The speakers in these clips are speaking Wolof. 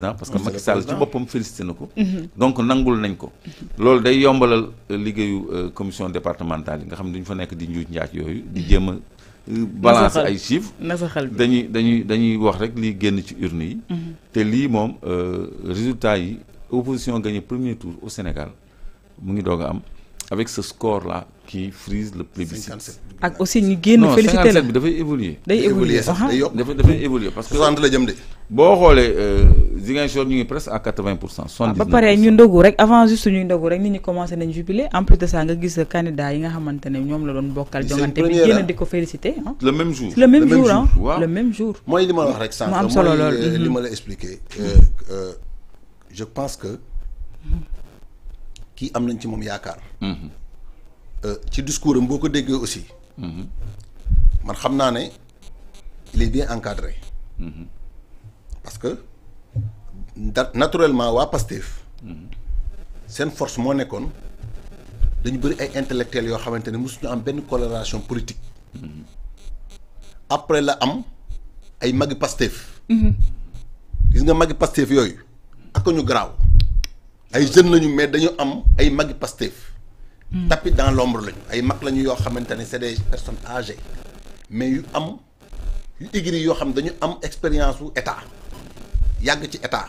Ah, parce que Macky Sall ci boppam félicité na mhm. donc nangul nañ ko lolou day yombalal euh, liggéeyu euh, commission départementale nga xam ne fa nek di njuuj njaaj yooyu di jëm euh, balance ay chiffres dañuy dañuy dañuy wax rek li génn ci urne yi mhm. te lii moom résultat yi opposition gagné premier tour au Sénégal mu ngi doga am avec ce score là qui frise le plébiscite. ak aussi ñu génn félicité la 57 bi dafay évoluer. day évoluer sax day yokk dafay dafay évoluer parce que. 60 la jëm de. boo xoolee. Ziguinchor ñu ngi presque à 80 vingt pour cent. Ah, ba pare ñu ndogu rek avant juste ñu ndogu rek nit ñi commencé nañ jubilé en plus de ça nga gis candidat yi nga xamantene ñom ñoom la doon bokkal. jongante bi génn diko féliciter hein? Ah. le même jour le même jour ah le même jour. Ah. moi li ma wax rek sànq. moi euh, li mm-hmm. ma la expliquer euh, mm-hmm. euh, je pense que qui am nañ ci yaakar mm-hmm. euh ci discours boko déggé ko déggee aussi. man xamna né il est bien encadré. parce que naturellement wa Pastef sen force mo nekkoon dañu bëri ay intellectuels yo xamanteni musu ñu am ben coloration politique après la am ay magi Pastef gis nga magi Pastef yoy ak ñu graw ay jeune lañu mais dañu am ay magi Pastef tapi dans l'ombre lañu ay mag lañu yo xamanteni c'est des personnes âgées mais yu am yu igri yo xam dañu am expérience état yag ci état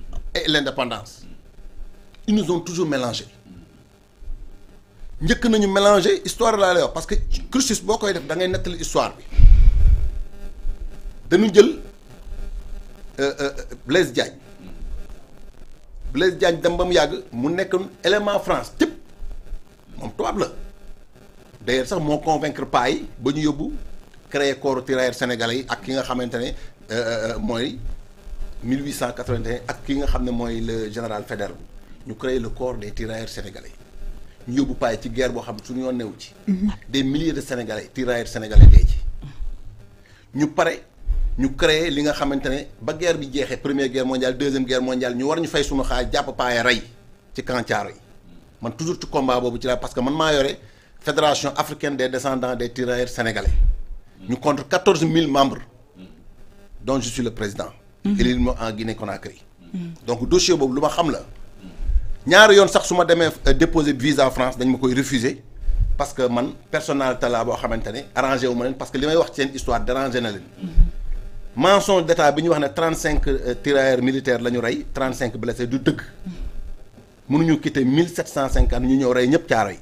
et l'indépendance. Ils nous ont toujours mélangés. Nous avons mélangé l'histoire de la parce que Christus Boko est l'histoire. Nous Blaise Diagne. Blaise Diagne, un élément France, type, D'ailleurs, ça m'a convaincre pas, créé créer corps tirailleurs sénégalais, à qui nous avons 1881 ak ki le général Faidherbe nous créé le corps des tirailleurs sénégalais Nous yóbbu ci guerre boo xam ne suñu yoon des milliers de sénégalais tirailleurs sénégalais Nous ci. nous pare ñu créé li nga xamante ba guerre bi première guerre mondiale deuxième guerre mondiale ñu war ñu fay suñu xaar japp paaya ray ci kancaaro yi man toujours ci combat bobu ci la parce que man ma yoré fédération africaine des descendants des tirailleurs sénégalais. ñu 14 14000 membres dont je suis le président élinement mm-hmm. en Guinée Conakry mm-hmm. donc dossier boobu lu ma xam la ñaari yoon sax su ma euh, déposer visa France dañ ma koy refuser parce que man personnalité laa boo xamante ne arrangé wu malen parce que limay may wax seen histoire dérangé na leen mm-hmm. mensonge d'état bi ñu wax né 35 euh, tirailleurs militaires lañu ray 35 blessés du mënu ñu quitter 1750 ñu ñëw ray ñëpp caaro ray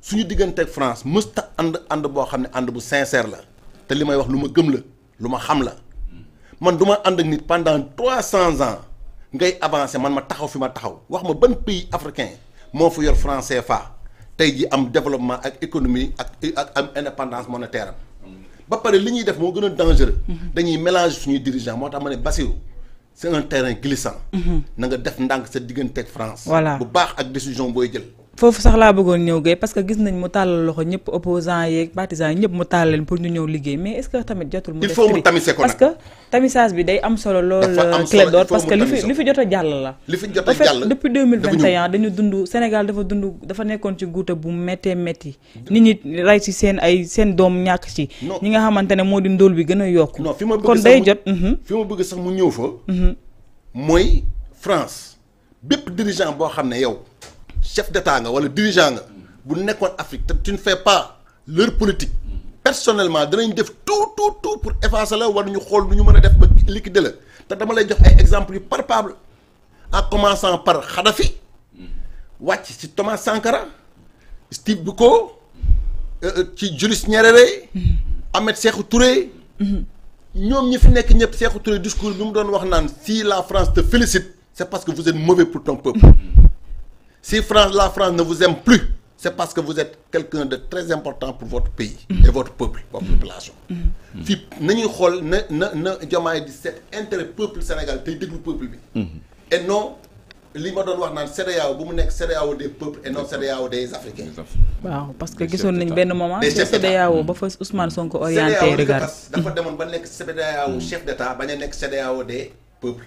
suñu diggante ak France musta and and bo xamné and bu sincère la té limay wax luma gëm la luma xam la man duma and ak nit pendant 300 ans ngay avancer man ma taxaw fi ma taxaw wax ma ban pays africain mo fu yor français fa tay ji am développement ak économie ak ak am indépendance monétaire ba paré li ñuy def mo gëna dangereux. dañuy mélanger suñu dirigeant moo mané ma c'est un terrain glissant. Mhm. na nga def ndank sa diggante ak France. voilà bu baax ak décision boy jël. foofu sax laa bëggoon ñëw gay parce que gis nañ mu tàllal loxo ñëpp opposant yeeg partisans yi ñëpp mu tàllal leen pour ñu ñëw liggéey mais est-ce que tamit jotul mu def il faut mu tamisé ko parce que tamisage bi day am solo lool euh, Clédor parce que li fi li fi jot a jàll la li fi jot a jàll depuis 2021 dañu dund Sénégal dafa dund dafa nekkoon ci guuta bu méttee métti nit ñi rey ci seen ay seen doom ñàkk ci ñi nga xamante ne moo di ndóol bi gën a yokku kon day jot mhm. fi jot bëgg sax mu ñëw fa mhm. mooy France bépp dirigeant boo xam ne yow chef d'état ou le dirigeant n'êtes pas en Afrique tu ne fais pas leur politique personnellement vous def tout tout tout pour effacer la war ñu xool nous ñu liquider te dama lay en commençant par Khadafi. Thomas Sankara Steve Biko euh, euh, Julius Nyerere Ahmed Sékou Touré nous, ñi fi discours nous si la France te félicite c'est parce que vous êtes mauvais pour ton peuple si France, la France ne vous aime plus, c'est parce que vous êtes quelqu'un de très important pour votre pays et votre peuple, votre mm-hmm. population. Si nous regardons, cet intérêt peuple sénégal, c'est le peuple. Mm-hmm. Et non, li ma doon que naan CEDEAO bu mu nekk CEDEAO des peuples et non CEDEAO des africains. waaw parce que gisoon nañ un moment. des CEDEAO mm-hmm. ba fa Ousmane Sonko orienté. regarde dafa demoon ba nekk CEDEAO chef d'État, état bañ CEDEAO des peuples.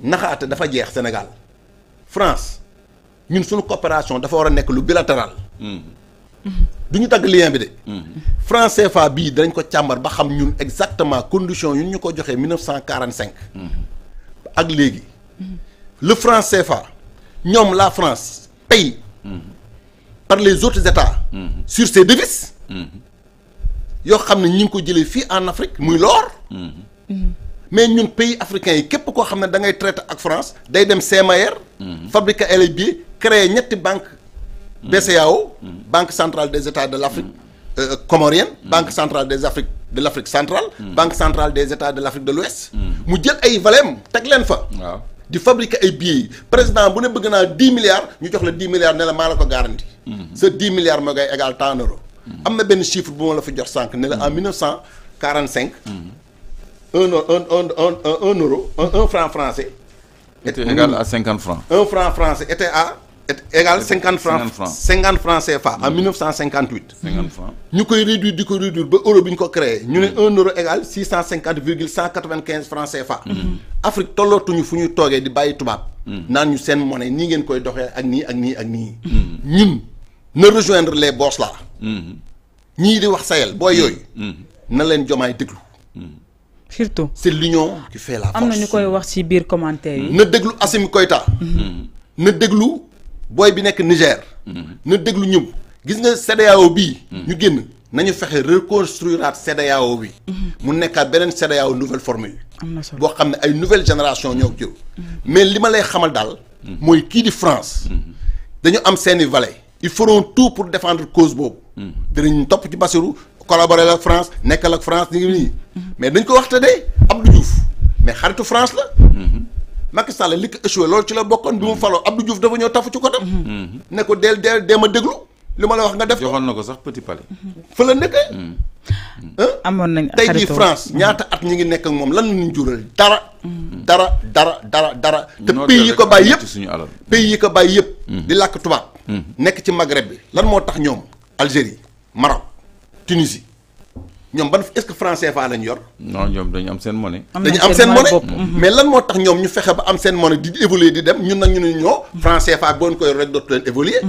naxaate dafa jeex Sénégal France ñun suñu coopération dafa war a nekk lu bilatéral. Mm-hmm. du ñu tag lien bi de. Mm-hmm. France CFA bii danañ ko càmbar ba xam ñun exactement condition yu ñu ko joxee 1945. Mm-hmm. ak léegi. le France CFA ñoom la France paye. par les autres états. sur ses devises. yoo xam ne ñu ngi ko jëlee fii en Afrique muy l'or mais nous pays africains qui ont fait des d'engager traité avec France d'aider CMR mhm. fabriquer elle créer une banque mhm. BCAO mhm. banque centrale des États de l'Afrique euh, euh, comorienne banque centrale des Afrique de l'Afrique centrale banque centrale des États de l'Afrique de l'Ouest Nous avons Valem Taglenfa du fabriquer et Le président vous ne pouvez 10 milliards nous avons 10 milliards de la mal que garantie ce 10 milliards m'égale 10 euros Nous avons un chiffre pour m'a en 1945 un, un, euro, un, franc français. Était égal à 50 francs. Un franc français était à est égal 50 francs 50 francs CFA en 1958. 50 francs ñu koy réduire di ko réduire ba euro bi ko créé ñu ne 1 euro égal 650 francs CFA. Mm-hmm. Afrique tollootuñu fu ñuy toogee di bàyyi tubaab. Mm. naan ñu seen monnaie nii ngeen koy doxee ak nii ak nii ak nii. Mm-hmm. ñun ne rejoindre les bosses là. Mm-hmm. ñii di wax sayel booy yooyu. na leen jomaay déglu surtout c' l'union qui fait la force amna na ñu wax ci biir commentaire yi. ne déglu Assimi Koïta. ne déglu boy bi nek Niger. ne déglu ñum gis nga cdao bi ñu génn nañu fexe reconstruiraat cdao bi. mu nekkaat benen cdao nouvelle formule. bo xamné ay nouvelle génération ñok jël. mais lima lay xamal dal moy ki di France. dañu am seeni valets. ils feront tout pour défendre cause boobu. Mm. dinañ top ci Bassirou collaborer la France nek la France ni mais dañ ko waxte Abdou mais haricot France la Macky Sall li ko ci la Abdou Diouf dafa tafu ci ko ne del del des déglu la sax petit palais fa la hein? amour nañ France mmh. ñaata at ñi ngi nek ak mom lan ñu jural dara mmh. dara dara dara dara te pays yi ko baye pays yi ko di mmh. ci Maghreb bi lan Algérie Maroc Tunisie Ñom ban est-ce que Français fa lañ yor. non ñom dañu am sen monnaie. dañu am sen monnaie mhm. mais lan moo tax ñoom ñu fexé ba am sen monnaie di évoluer di dem ñun nak ñu ñoo. français fa bon koy rek dootu leen évoluer.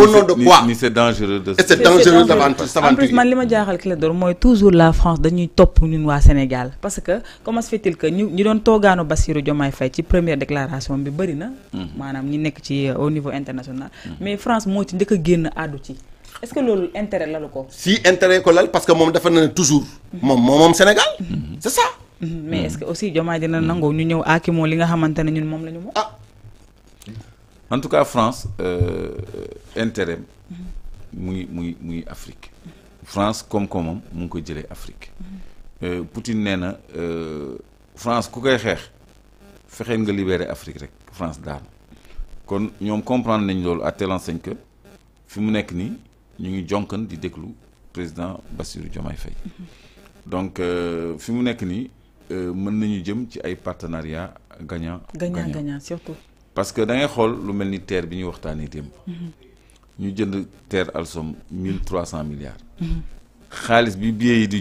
au nom de quoi et puis ni c'est dangereux de. c'est dangereux d'avantage en plus man li ma jaaxal d'or moy toujours la France dañuy top ñun wa Sénégal. parce que comment se fait-il que ñu ñu doon toogaanu Bassirou Diomaye Faye ci première déclaration bi bari na. manam mhm. ñi nek ci euh, au niveau international. Mhm. mais France mo ci njëkk a génn ci est-ce que loolu intérêt lalu loko si intérêt ko lal parce que mom dafa ne toujours. mom mom moom Sénégal. Mhm. c'est ça. Mhm. mais est-ce que aussi Diomaye dina mhm. nango ñu ñëw aakimoo li nga xamantene ñun mom lañu ñu ah en tout cas France euh, intérêt muy muy muy Afrique. France comme koomam mu ngi jëlé afrique Afrique. Euh, Poutine néna euh France ku koy xeex fexé nga libérer Afrique rek France daal kon ñom comprendre nañ lolu à telle enseigne que fimu nek ni ñu ngi jonkan di président Bassirou Diomaye donc nous euh, mu nekk euh, partenariat gagnant gagnant gagnant surtout parce que da ngay xool lu mel terre bi nous mhm. ñu jënd terre milliards mhm. bi yi di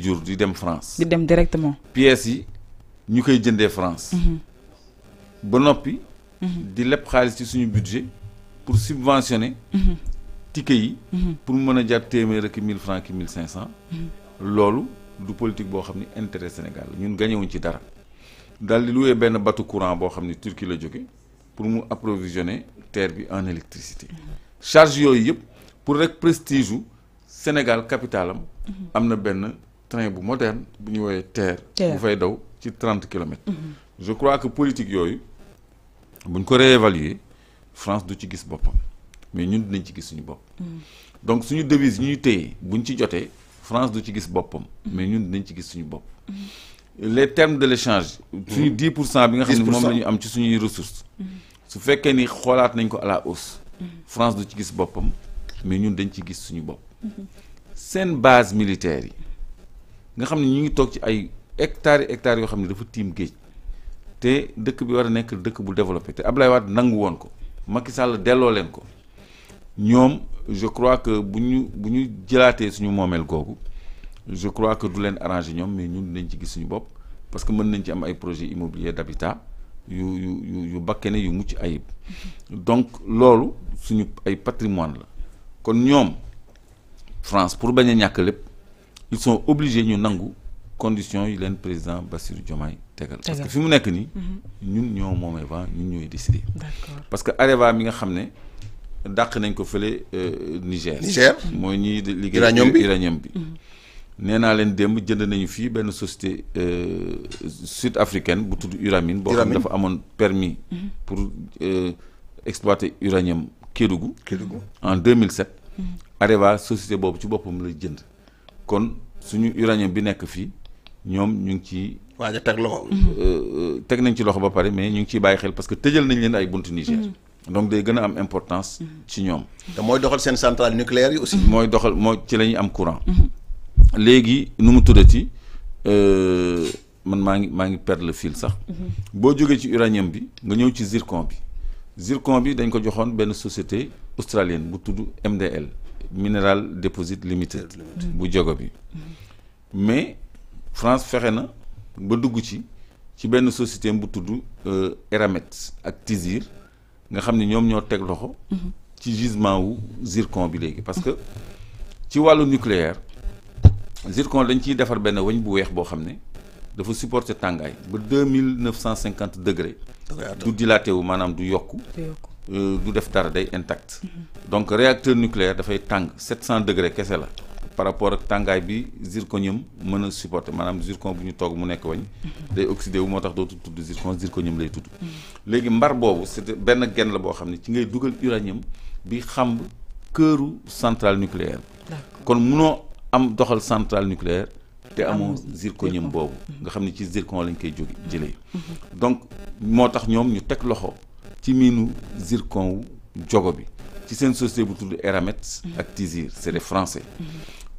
France di dem directement pièces yi France mhm. ba noppi di ci budget pour subventionner ticket yi. Mhm. pour mën a jar téeméer ak francs 1500. mille mhm. du politique bo xamni intérêt Sénégal ñun gagné wuñ ci dara. dal di loué ben batu courant bo xamni ni Turquie la joggé pour mu approvisionner terre bi en électricité. Mhm. charge yoy yëpp pour rek prestige Sénégal capitalam amna ben train bu moderne bu ñu woyé terre. bu fay daw ci 30 kilomètres. je crois que politique yoy buñ ko réévaluer France du ci gis bopam mais ñun dinañ ci gis suñu bop donc suñu devise ñuy téy buñ ci joté France du ci gis bopam mais ñun dinañ ci gis suñu bop les termes de l'échange suñu 10 bi nga xamni mom lañu am ci suñu ressources. su fekkee ni xolaat nañ ko à la hausse. France du ci gis bopam mais ñun dañ ci gis suñu bop sen base militaire yi nga xamni ne ñu ngi tok ci ay hectare hectare yo xamni dafa tim geej té dëkk bi war a nekk dëkk bu développé te Ablaye Wade nangu woon ko Macky Sall delloo leen ko ñoom je crois que bu ñu bu ñu jëlaatee suñu moomeel googu je crois que du leen arrangé ñoom mais ñun dañ ci gis suñu bopp parce que mën nañ ci am ay projets immobiliers d'habitat yu yu yu bakkene yu mucc ayib donc loolu suñu ay patrimoine la kon ñoom France pour bañ a ñàkk lépp ils sont obligés ñu nangu condition yi leen président Bassirou Diomaye tegal parce que fi mu nekk nii mhm. ñun ñoo moomee vent ñun ñooy décider parce que Areva mi nga xam ne dàq nañ ko fële euh, Niger. Niger mooy ñuy liggéey uranium bi uranium bi. Mm-hmm. nee naa leen démb jënd nañu fii benn société euh, sud africaine bu tudd Uramine. boo xam dafa amoon permis. Mm-hmm. pour euh, exploiter uranium kédugu kédugu en 2007. Mm-hmm. Areva société boobu ci boppam la jënd. kon suñu uranium bi nekk fii ñoom ñu ngi ci waaj a teg loxo. teg nañ ci loxo ba pare mais ñu ngi ciy bàyyi xel parce que tëjal nañ leen ay buntu Niger donc day gëna am importance mhm. ci ñom te doxal sen centrale nucléaire yi aussi moy doxal mooy ci la am courant mhm. légui nu mu tuddati euh, man maa ngi maa ngi perdre le fil sax mhm. bo joggé ci uranium bi nga ñëw ci zircon bi zircon bi dañ ko joxone ben société australienne bu tuddu MDL Mineral Deposit Limited bu jogo bi mais France fexe na ba dugg ci ci ben société bu euh Eramet ak Tizir nga xam ne ñoom ñoo teg loxo. ci gisement wu zircon bi parce que ci wàllu nucléaire zircon dañ ciy defar benn weñ bu weex boo xam dafa supporter tàngaay ba 2950 mille degré. du dilaté wu maanaam du yokku. du euh, def dara day intact. Mhm. donc réacteur nucléaire dafay tàng 700 cent degré kese la par rapport ak tàngaay bi zirconium mën a supporter maanaam zircon buñu ñu mu nek wañ day oxydé wu moo tax dootul zircon zirconium lay tudd légui mbar bobu c'est ben genn la bo xamni ci ngay dugal uranium bi xam këru centrale nucléaire kon mëno am doxal centrale nucléaire te amoo zirconium bobu mm-hmm. nga xamni ci zircon lañ koy jóge mm-hmm. jëlé mm-hmm. donc motax ñom ñu tek loxo ci minu zircon wu jogo bi ci sen société bu tudd Eramet ak Tizir c'est des français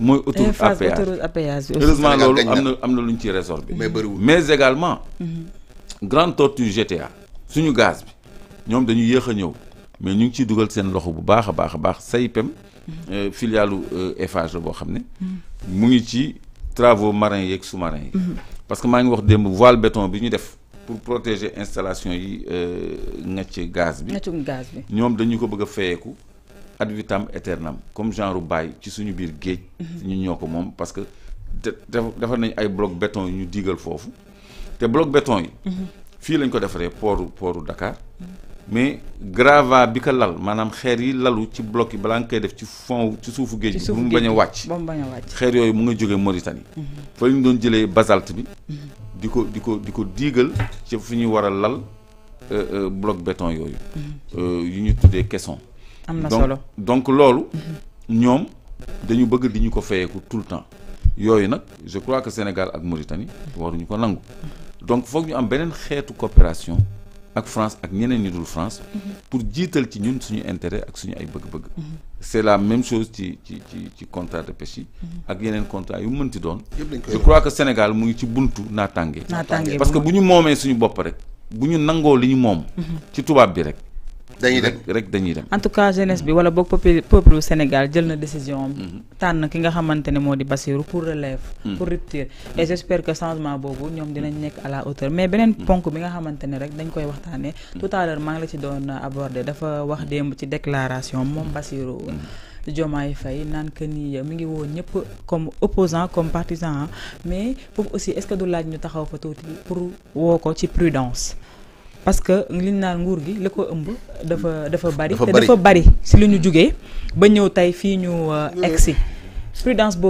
mooy autour à péage heureusement loolu am na am ci résorbé mais bëriwul mais également mm-hmm. grande tortue GTA suñu gaz bi ñom dañu yéex ñew mais ñu ngi ci duggal seen loxo bu baax a baax saypem filiale SAIPEM mm-hmm. euh, filialu euh, Eiffage la mm-hmm. mu ngi ci travaux marins yeeg sous-marins parce que ma ngi wax démb voile béton bi ñu def pour protéger installation yi euh ngacc gaz bi ñom dañu ko bëgg fayeku ad vitam aeternam comme Jean bàyyi ci suñu biir geej mhm. ñu ñoko mom parce que defar nañ ay bloc béton ñu diigal fofu té bloc béton yi. Mhm. fi lañ ko defaree port portu Dakar mais grava bi ko lal manam xeer yi lalu ci bloc yi blanc nga def ci fond ci suufu geej bi. bu mu bañ a mu nga joggé Mauritanie. Mhm. fa lañ doon jëlé basalte bi. diko diko diko ko di ko diigal ci fi ñuy war euh, euh, bloc béton yoyu. Euh, yu ñu tuddee caisson am donc lolu ñom dañu bëgg di ñu ko fayeeku tout le temps yooyu nak je crois que Sénégal ak Mauritanie waruñu ko nangu. donc foog ñu am benen xeetu coopération ak France ak ñeneen ñi dul France. pour jiital ci ñun suñu intérêt ak suñu ay bëgg-bëgg. c'est la même chose ci ci ci ci contrat de pêche ak yeneen contrat yu mënti doon. je crois que Sénégal mu ngi ci buntu na naataange parce que buñu momé suñu bop rek buñu nango nangoo li ñu moom. ci tubaab bi rek en tout cas jeunesse bi wala peuple Sénégal pris une décision mhm. pour relève. Mhm. pour rupture et j'espère que changement bobu dinañ à la hauteur mais il mhm. ponk bi nga xamantene rek dañ koy tout à l'heure ci aborder déclaration Faye comme opposant comme partisan hein. mais aussi est-ce que laaj ñu pour prudence. parce que li ñu nguur gi la ko ëmb dafa dafa bari te dafa bari si lu ñu jógee ba ñëw tey fii ñu euh, egsi prudence boobu